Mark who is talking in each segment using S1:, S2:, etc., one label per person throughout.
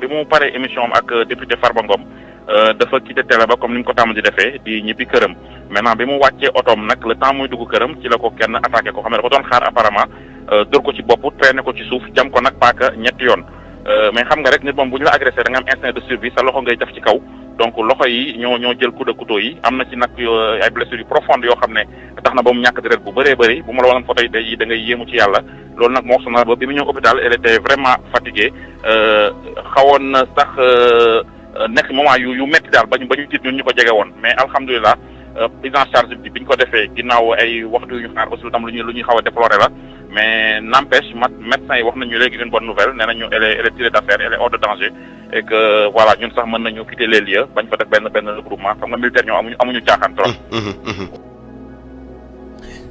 S1: bi mu paree émission am ak euh, député Farba Ngom euh, dafa quitté télé ba comme ni mu ko tàmm di defee di ñibbi këram maintenant bi mu wàccee otoom nag la temps muy dugg këram ci la ko kenn attaqué ko xam ne dafa doon xaar apparemment euh, dóor ko ci bopp traîné ko ci suuf jam ko nag paaka ñetti yoon mais xam nga rek nit moom bu ñu la agressé da instinct de survie sa loxo ngay def ci kaw. donc loxo yi ñoo ñoo jël coup de couteau yi am na ci nag euh, ay blessures yu profondes yoo xam ne tax na ba mu ñàkk deret bu bëree bëri bu ma la wanoon photo yi da ngay yéemu ci yàlla loolu nag moo sonal ba bi mu ñëw hôpital elle était vraiment fatiguée euh, xawoon na sax euh, nekk moment yu yu métti daal bañ bañu tiit ñun ñu ko jege woon mais alhamdulilah prise en charge bi ñu ko defee ginnaaw ay waxtu yu ñu xaar aussi lu tam lu ñuy lu ñuy xaw a déploré la mais n'empêche médecin yi wax nañu léegi une bonne et que voilà ñun sax mën nañu quitter les lieux bañ fa def benn benn regroupement xam nga militaire ñoo amuñu amuñu caaxaan trop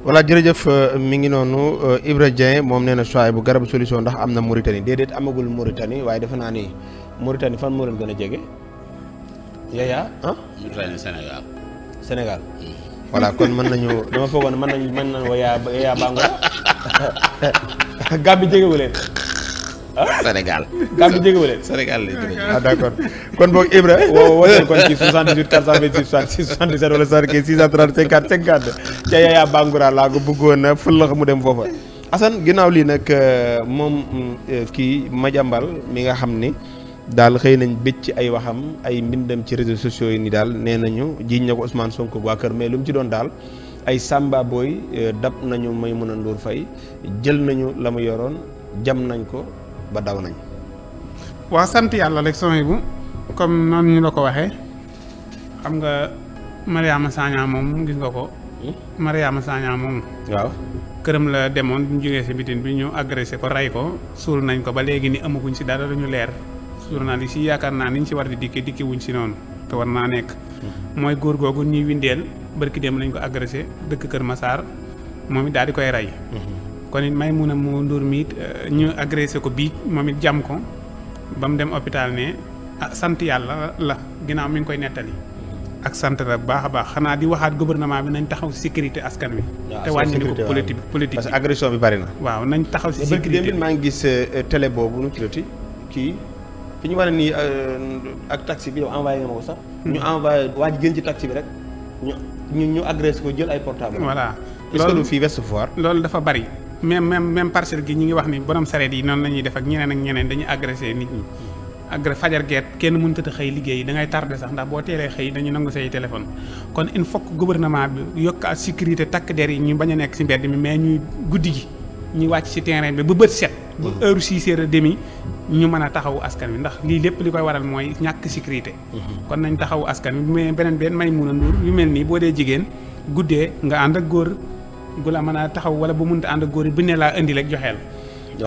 S2: voilà jërëjëf eh, mi ngi noonu eh, Ibra Dieng moom nee na choix bu garab solution ndax am na Mauritanie déedéet amagul Mauritanie waaye defe naa ni Mauritanie fan moo leen gën a jege
S1: yaya ah Mauritanie Sénégal
S2: Sénégal hmm. voilà kon mën nañu dama foogoon mën nañu mën nañu wa yaa yaa bàngoo gàmbi leen Sénégal. kàddu jéggiwu leen Sénégal lay jëlee. ah d' accord kon boog Ibra woo wooteel kon ci 78 428 66 77 wala 75 630 50 50 ca laa ko bëggoon a mu dem foofa. Assane ginnaaw lii nag euh, moom euh, kii Madiambal mi nga xam ni. daal xëy nañ ci ay waxam ay mbindam ci réseaux sociaux yi nii daal nee nañu jiiñ na ko Ousmane Sonko waa kër mais lu mu ci doon daal ay Samba Boy euh, dab nañu may Maimouna Ndour Faye jël nañu la mu yoroon jam nañ ko ba daw nañ.
S3: waaw sant yàlla rek sëñ bu comme noonu ñu la ko waxee xam nga Mariama Sagna moom gis nga ko. Hmm? Mariama Sagna moom. waaw. këram la demoon bu ñu si bitin bi ñu agressé ko rey ko suur nañ ko ba léegi ni amaguñ si dara dañu leer naa journaliste si yaakaar naa ni ñu si war di dikke dikke wuñ si noonu te war naa nekk.
S1: Hmm.
S3: mooy góor googu ñuy windeel barki dem lañ ko agressé dëkk Kër Massar moom it daal di koy rey. Hmm. kon it Maimouna moo Ndour mi it euh, ñu agressé ko bii moom it jam ko ba mu dem hôpital ne ah sant yàlla la ginnaaw mi ngi koy nettali ak sant la bu baax a baax xanaa di waxaat gouvernement bi nañ taxaw sécurité askan wi. te wàññi ko politique
S2: politique parce que agression bi bari na. waaw nañ taxaw si sécurité maa ngi gis euh, euh, télé boobu nu ci kii. fi ñu wane nii ak taxi bi yow sax. Hmm. ñu envoyé waa ji ci taxi rek ñu ñu agressé ko jël ay portable voilà est fii Ouest Foire loolu dafa bari.
S3: même même même parcelle gi ñi ngi wax ni borom sareet yi non lañuy def ak ñeneen ak ñeneen dañuy agresser nit ñi agre fajar geet kenn mën ta xëy liggéey da ngay tardé sax ndax bo teelee xey dañuy nangu say téléphone kon il faut que gouvernement bi yok à sécurité tak der yi ñu baña nek ci mbéd mi mais ñuy guddi gi ñi wacc ci terrain bi bu beut set bu mm. heure six heures demi ñu mëna taxaw askan wi ndax li lepp li koy waral moy ñak sécurité mm-hmm. kon nañ taxaw askan wi mais benen benn may mëna a yu melni bo dé jigen jigéen nga and ak gor gu la mën a taxaw wala bu mënta ànd ak góor bu ne laa indi rek joxeel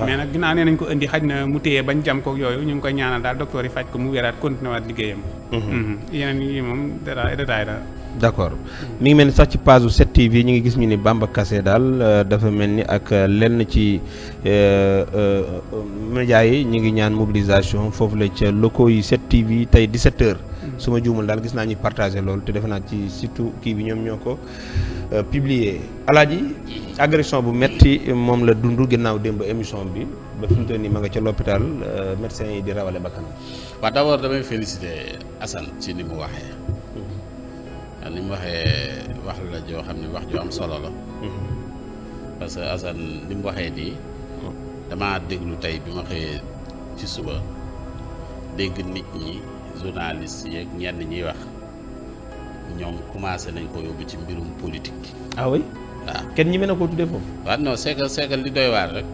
S3: mais nag ginnaaw nee nañ ko indi xaj na mu téye bañ jam kook yooyu ñu ngi koy ñaanal daal docteur yi faj ko mu wéraat continué waat liggéeyam mhm. Mhm. yeneen yi moom détail détail daal
S2: d' accord mi ngi mel ni sax ci page 7TV ñu ngi gis ñu ni Bamba Kassé daal euh, dafa mel ni ak euh, lenn ci euh, médias yi ñu ngi ñaan mobilisation foofu la ca locaux yi 7TV tey di h su ma juumul daal gis naa ñu partagé loolu te defe naa ci surtout kii bi ñoom ñoo ko euh, publier alaaji agression bu metti moom la dund ginnaaw démb émission bi ba fi mu toll nii ca l'hôpital euh, médecin yi di rawale bakkan
S1: waaw d'abord damay féliciter Assane ci ni mu waxee mm-hmm. ni wax la joo xam ne wax joo am solo la mm-hmm. parce que Assane ni mu waxee nii mm-hmm. damaa déglu tey bi ma xëyee ci suba dégg nit ñi journaliste yeeg ñenn ñiy wax ñoom commencé nañ ko yóbbu ci mbirum politique.
S2: ah oui waaw ah. kenn ñi mën a koo tuddee foofu.
S1: waaw non c'est que di que doy waar rek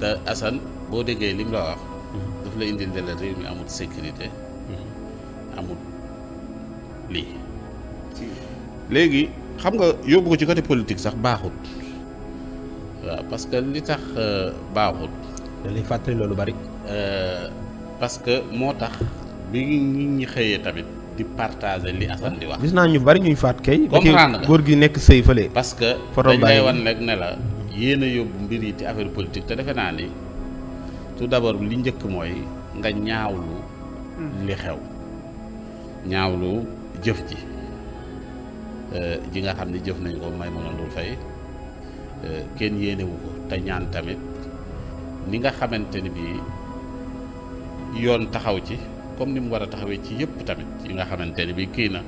S1: te Assane boo déggee li mu la wax. Mhm. daf la indil la réew mi amul sécurité. Mhm. amul lii. léegi xam nga yóbbu ko ci côté politique sax baaxut. waaw parce que li tax euh, baaxut. da lay fàttali loolu bari. Euh, parce que moo tax bi ngi ñi xëyee tamit di partager li gis
S2: naa ñu bari ñuy faat kay. nga góor gi nekk sëy fële. parce que dañ lay wan
S1: nag ne la yéen a yóbbu mbir ci affaire politique te defe naa ni tout d'abord li njëkk mooy nga ñaawlu. li xew ñaawlu jëf ji euh, ji nga xam ne jëf nañ ko may mën a dul kenn yéenewu te ñaan tamit ni nga xamante ni bii yoon taxaw ci. comme ni mu war a taxawee ci yëpp tamit yi nga xamante ne bi kii na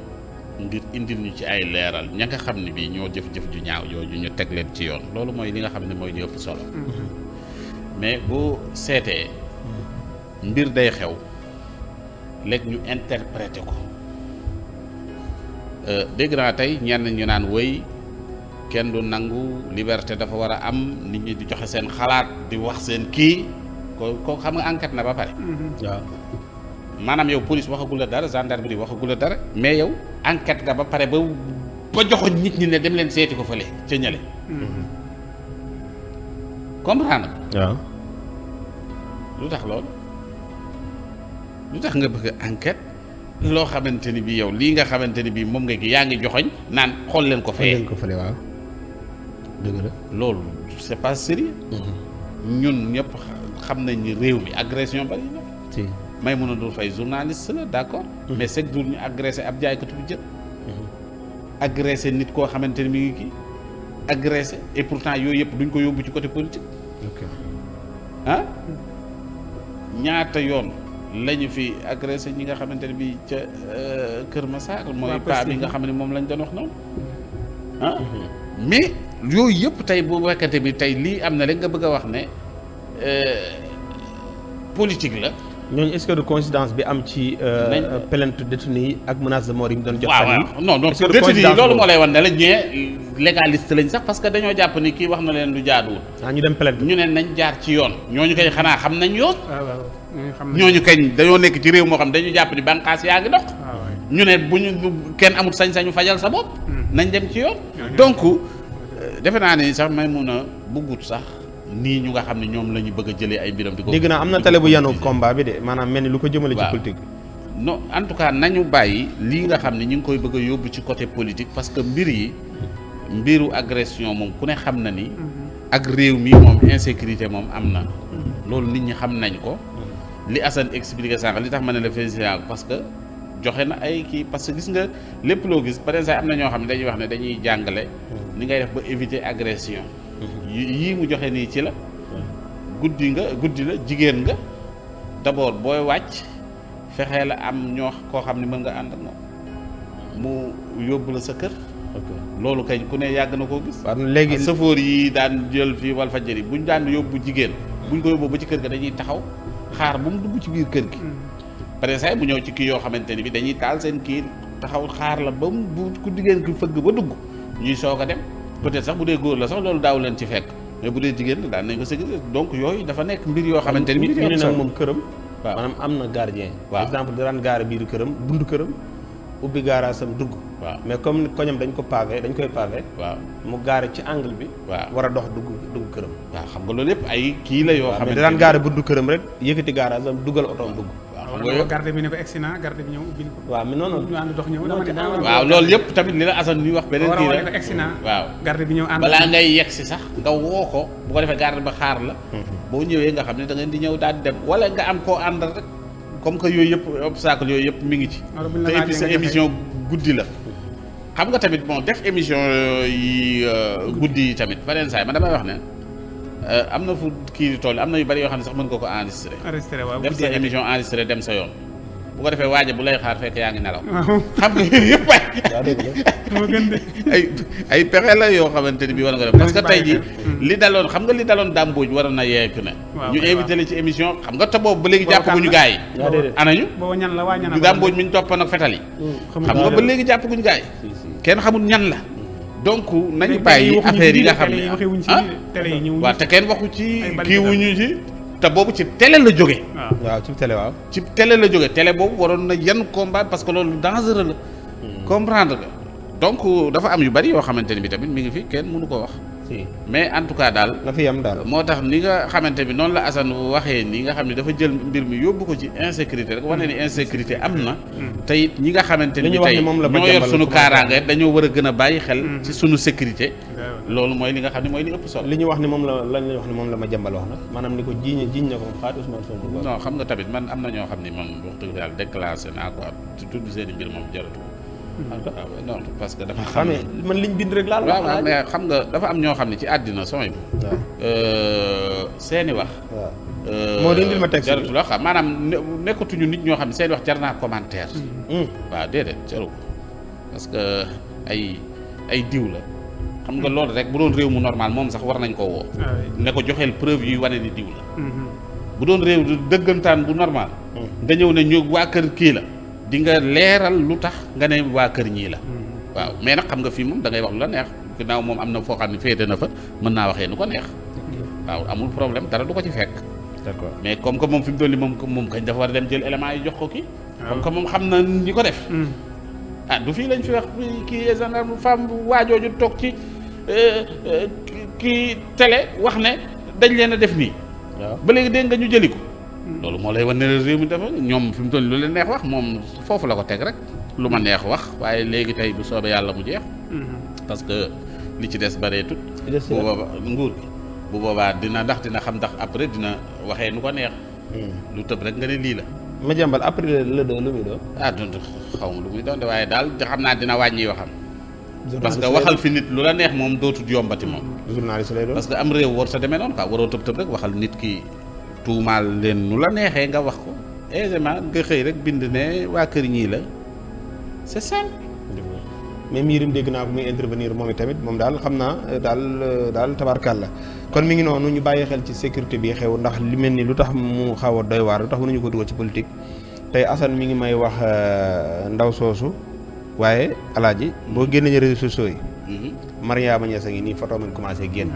S1: ngir indil ñu ci ay leeral ña nga xam ne bii ñoo jëf-jëf ju ñaaw yooyu ñu teg leen ci yoon loolu mooy li nga xam ne mooy li ëpp solo mm-hmm. mais boo seetee mbir day xew léeg ñu interpréter ko euh, dégg naa tey ñenn ñu naan wëy kenn du nangu liberté dafa war a am nit ñi di joxe seen xalaat di wax seen kii ko ko xam nga enquête na ba pare mm-hmm. waaw maanaam yow police waxagul la dara gendarmerie waxagul la dara mais yow enquête nga ba pare ba ba joxoon nit ñi ne dem leen seeti ko fële ca ñële. Mm-hmm. comprendre waaw lu tax loolu lu tax nga bëgg enquête loo xamante ni bi yow lii nga xamante ni bi moom nga gi yaa ngi joxoñ naan xool leen ko fee. ko fële waaw dëgg la loolu c'est pas sérieux mm-hmm. ñun ñëpp xam nañ réew mi agression bari na Maïmouna Ndour Faye journaliste la d'accord. Mhm. mais chaque jour ñu agressé ab jaaykatu bu jën. Mhm. agressé nit koo xamante ni mi ngi kii agressé et pourtant yooyu yëpp duñ ko yóbbu ci côté politique. ah ñaata yoon lañu ñu fi agressé ñi nga xamante ne bii ca euh, Kër Massar. mooy paa bi nga xam ne moom lañ doon wax noonu. ah mais yooyu yëpp tey bu fekkante bi tey lii am na rek nga bëgg a wax ne euh, politique la. ñooñu est-ce
S2: bi am ci. Euh, euh, plainte détenu yi ak menace de mort yi mu doon. jox fan yi non non détenu yi
S1: loolu moo lay wan ne la ñee légaliste lañ sax parce que dañoo jàpp ni kii wax na leen lu jaaduwul. ah ñu dem plainte ñu ne nañ jaar ci yoon. ñooñu kay xanaa xam nañ yoon.
S3: Ah, ñooñu
S1: kañ dañoo nekk ci réew moo xam dañu jàpp ni bànqaas yaa ngi dox. Ah, ñu ne bu ñu kenn amut sañ-sañu fajal sa bopp. Hmm. nañ dem ci yoon. donc euh, defe naa ne sax may mun a bu buggut sax. nii ñu nga xam ne ñoom la ñu bëgg a jëlee ay mbiram. di ko dégg naa am na télé
S2: bu yanu combat bi de maanaam mel ni lu ko jëmale. ci politique
S1: bi non en tout cas nañu bàyyi lii nga xam ne ñu ngi koy bëgg a yóbbu côté politique parce que mbir yi mbiru agression moom ku ne xam na ni. Mhm. ak réew mi moom insécurité moom am na. Mhm. loolu nit ñi xam nañ ko. Mhm. li Assane expliqué sànq li tax ma ne la félicité parce que joxe na ay kii parce que gis nga lépp loo gis par exemple am na ñoo xam ne dañuy wax ne dañuy jàngale. ni ngay def ba éviter agression. yii mu joxe nii ci la guddi nga guddi la jigéen nga d'abord booy wàcc fexee la am ñoo koo xam ne mën nga ànd ak moom mu yóbbu la sa kër loolu kañ ku ne yàgg na koo gis léegi sëfoor yi daan jël fii Walfadjri bu ñu daan yóbbu jigéen bu ñu ko yóbbu ba ci kër ga dañuy taxaw xaar ba mu dugg ci biir kër gi pare saa bu ñëw ci kii yoo xamante ni bi dañuy taal seen kii taxaw xaar la ba mu bu ku jigéen ki fëgg ba dugg ñuy soog a dem peut sax bu dee góor la sax loolu daaw leen ci fekk mais bu dee jigéen la daan nañ ko sécuriser donc yooyu dafa nekk mbir yoo xamante ni mbir ñu nag moom këram waaw maanaam am na
S2: gardien par exemple di daan gaare biiru këram bundu këram ubbi gaaraasam dugg waaw mais comme koñam dañ ko pavé dañ koy pavé waaw mu gaare ci angle bi waaw war a dox dugg dugg këram
S1: waaw xam nga loolu yëpp ay kii la yoo xam ne daan gaare
S2: bundu këram rek yëkkati gaaraasam dugal otoom dugg
S1: xam nga yëpp
S3: garde bi ne ko garde bi ñëw ubbil ko. waaw mais non non ñu ànd dox ñëw dama ne waaw loolu
S1: yëpp tamit ni la Assane ñuy wax beneen nii rek egsi naa waaw garde bi ñëw ànd balaa ngay yegsi sax nga woo ko bu ko defee garde ba xaar la mhm. boo ñëwee nga xam ne da ngeen di ñëw daal di dem wala nga am koo àndal rek comme que yooyu yëpp obstacle yooyu yëpp mu ngi ci te et émission guddi la xam nga tamit bon def émission yi euh, guddi yi tamit beneen saay man damay wax ne Euh, am na fu kii tool toll am na yu bari yoo xam ne sax mën nga ko enregistré. enregistré waaw def sa émission enregistré dem sa yoon. bu ko defee waaja bu lay xaar fekk yaa ngi nelaw. xam nga pexe la yoo xamante ni bii war nga parce que tey jii. li daloon xam nga li daloon dàmbooj waroon na yeeku ne. ñu invité ci émission xam nga te boobu ba léegi jàppaguñu gaa yi. anañu boobu ñan la waa ñan la dàmbooj mi ñu toppoon ak fetal yi. Mm, xam nga ba léegi jàppaguñu gaa yi. kenn xamul ñan la. donc nañu bàyyi affaire yi nga xam ne ah waaw te kenn waxu ci kii wuñu ci te boobu ci télé la jóge waaw ci télé waaw. ci télé la jóge télé boobu waroon na yan combat parce que loolu dangereux la. Hmm. comprendre nga donc dafa am yu bari yoo xamante ne bi tamit mi ngi fii kenn mënu ko wax. mais en tout cas daal. na fi yem daal moo tax ni nga xamante bi noonu la Assane waxee nii nga xam ne dafa jël mbir mi yóbbu ko ci insécurité rek wane ni insécurité am na. Hmm. te ñi nga xamante ni tey ñoo yor sunu kaaraange dañoo war a gën a bàyyi xel. Hmm. sunu sécurité. loolu mooy li nga xam ne mooy li ëpp wax ni moom la lañ wax ni moom la ma jàmbal wax nag ko jiiñ jiiñ na nga tamit man am na ñoo xam ne man wax dëgg yàlla déclassé naa quoi tudd seen mbir moom jaratu non parce que dafa ah, xam ne man liñ bind rek laal waaw xam nga dafa am ñoo xam ne ci àddina samay bi ah. euh, seeni wax ah. euh, moo doon dil ma nekkatuñu nit ñoo xam ne seeni wax jar naa commentaire hmm. Hmm. waaw déedéet jaru ko parce que ay ay diw la xam nga hmm. loolu rek bu doon réew mu normal moom sax war nañ koo woo ne ko joxeel preuve yuy wane ni diw la bu doon réew dëggantaan bu normal nga ñëw ne ñu waa kër kii la di nga leeral lu tax nga ne waa kër ñii la. Mm-hmm. waaw mais nag xam nga fii moom da ngay wax lu la neex ginnaaw moom am na foo xam ne féete na fa mën naa waxee nu ko neex. waaw amul problème dara du ko ci fekk. d'accord mais comme que moom fi mu toll nii moom moom kañ dafa a dem jël élément ko kii. Ah. comme moom xam na ñi ko def. Mm. ah du fii lañ fi wax kii gendarme femme waajooju toog ci euh, euh, kii télé wax ne dañ leen a def nii. Ah. ba léegi dégg nga ñu jëli ko. loolu moo lay wan ne réew mi dafa ñoom fi mu toll lu la neex wax moom foofu la ko teg rek lu ma neex wax waaye léegi tey bu soobee yàlla mu jeex. Mm-hmm. parce que li ci des bareetut. bu boobaa nguur gi bu boobaa dina ndax dina xam ndax après dina waxee nu ko neex. Mm. lu tëb rek nga ne lii la. ma jàmbal après la doon lu muy doon. ah donc xaw ma lu muy doon de waaye daal xam naa dina wàññi waxam. parce que waxal fi nit lu la neex moom dootut yombati moom. journaliste lay am réew war sa demee noonu quoi rek waxal nit ki. tuumaal leen nu la neexee nga wax ko aisément nga xëy rek bind ne waa kër ñii la c'est simple. mais miirim
S2: dégg naa ko muy intervenir moom tamit moom daal xam naa daal daal tabarkaal la kon mi ngi noonu ñu bàyyi xel ci sécurité bi xew ndax li mel ni lu tax mu xaw a doy waar lu tax mënuñu ko dugal ci politique tey Assane mi ngi may wax euh, ndaw soosu waaye alaaji boo génnee réseaux sociaux yi. Mhm. Mariama Niass a ngi nii photo man commencé génn.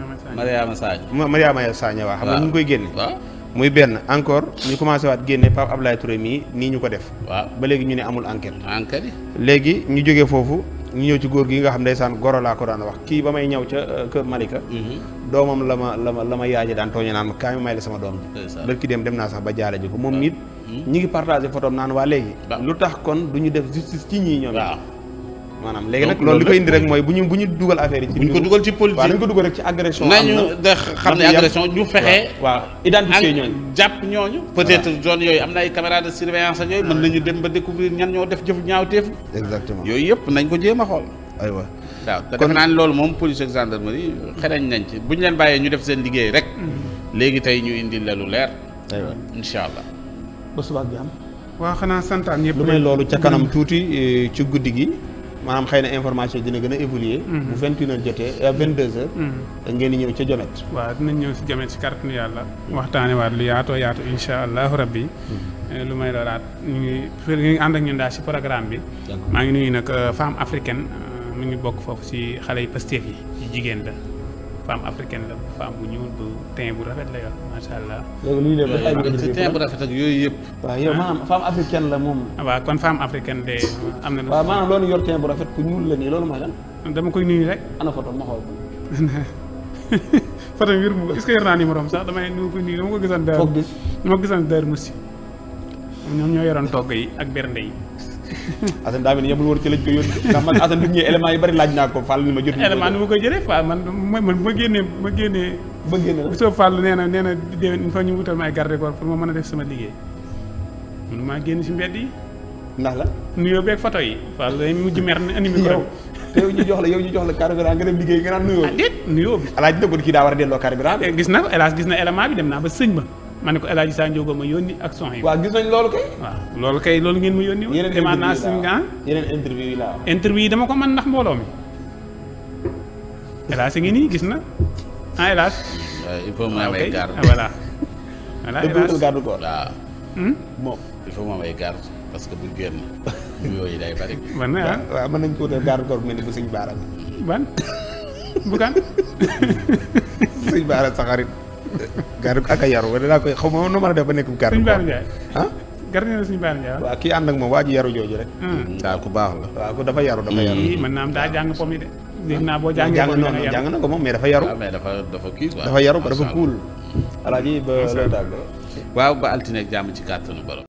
S2: Mariama Sagna Mariama muy benn encore ñu commencé waat génne Pape Ablaye Touré mii nii ñu ko def. waaw ba léegi ñu ne amul enquête. enquête léegi ñu jógee foofu ñu ñëw ci góor gi nga xam ne ndeysaan goro laa ko daan wax kii ba may ñëw ca euh, kër Malika. Mhm. doomam la ma la ma la ma yaaji daan tooñe naan ma kaay ma may la sama doom ji. bërki dem dem naa sax ba jaale ji ko moom it. ñi ngi partagé photo am naan waa léegi. lu tax kon du ñu def justice ci ñii ñoom. maanaam léegi nag loolu li koy indi rek mooy bu ñu bu ñu dugal affaire yi. ci bu ñu ko dugal ci politique waaw dañu xam ne agression ñu fexe.
S1: waaw identifier ñooñu jàpp ñooñu. peut-être zone yooyu am na ay caméra de surveillance ak yooyu. mën nañu dem ba ñoo def jëf ñaawteef. exactement yooyu yëpp nañ ko jéem a xool. aywa waaw kon defe naa loolu moom police ak gendarmerie xereñ nañ ci bu ñu leen bàyyee ñu def seen liggéey rek. Mm-hmm. léegi tey ñu indi la lu leer. aywa incha allah. ba suba ak jàmm.
S2: waaw xanaa santaan yëpp lu may loolu ca kanam mm-hmm. tuuti eh, ci guddi gi maanaam xëy na information dina gën a évoluer mhm. bu vingt une heures jotee euh, vingt deux heures
S3: mhm.
S2: ngeen di ñëw ca jomet waaw dinañ ñëw si
S3: jomet si kàttanu yàlla waxtaane waat lu yaatoo yaatu insha allahu rabbi mhm. eh, lu may dooraat ñu ngi ñu ngi ànd ak ñun daal si programme bi maa ngi nuyu nag euh, femme africaine euh, mu ngi bokk foofu si xale yi Pastef yi ci jigéen la femme africaine la femme bu ñuul bu teint bu rafet la yor macha allah. léegi lu ñu teint bu rafet
S1: ak yooyu yëpp. waaw
S3: ah. la moom. waaw kon femme africaine de am na. waaw maanaam loolu yor teint bu rafet ku ñuul la nii loolu mooy lan. dama koy nuyu rek. ana photo ma xool. photo bi wér est naa numéro am sax damay nu ma koy nuyu dama ko gisoon. foog gis dama ñoom ñoo
S2: yoroon togg yi ak bernde yi. Assane daa mel ni yemul woon ci lañ ko yónni ndax man Assane bi mu ñëwee élément yi bari laaj naa ko Fall ni ma jot élément ma
S3: koy jëlee Fall ma génnee génn bu na ma génn si mbedd yi ndax la nuyoo beeg photo yi Fall day mujj mer ni andi micro te yow ñu jox la yow nga dem liggéey nga naan nuyoo bi ah, déet nuyoo bi alaaj dina ko kii daa war a delloo carburant eh, gis na hélas gis na élément bi dem naa ba sëñ ba mané ko eladji Sa ndiogo ma yoni action yi. wa gis nañ loolu kay. wa loolu kay loolu ngeen ma yónni. yeneen interview sin laa yeneen interview la interview dama ko man nax mbolo mi. El ngi gis na ah elas.
S1: il faut ma way ay garde ah, voilà. voilà El garde ko waaw. Hmm? il faut ma way ay garde parce que bu génn yi day bari. man wa
S2: man nañ ko wutal garde corps mel bu seigne baram ban bu kan. seigne baram sa xarit. garde ak a yaru wala koy xaw ma nu ma def ba nekk garde. suñu baar njaay ah. na suñu baar njaay. waaw kii ànd ak moom waa ji yaru jooju rek. Hmm. waaw baax la. waaw ku dafa yaru dafa yaru. mën naa am daa jàng
S3: pomme yi de. dégg naa boo jàng na
S1: ko moom mais dafa yaru. waaw ah, mais dafa dafa kii quoi. dafa yaru dafa kuul.
S3: alaaji ba lay tàgg.
S1: waaw ba altine jàmm ci kàttanu borom.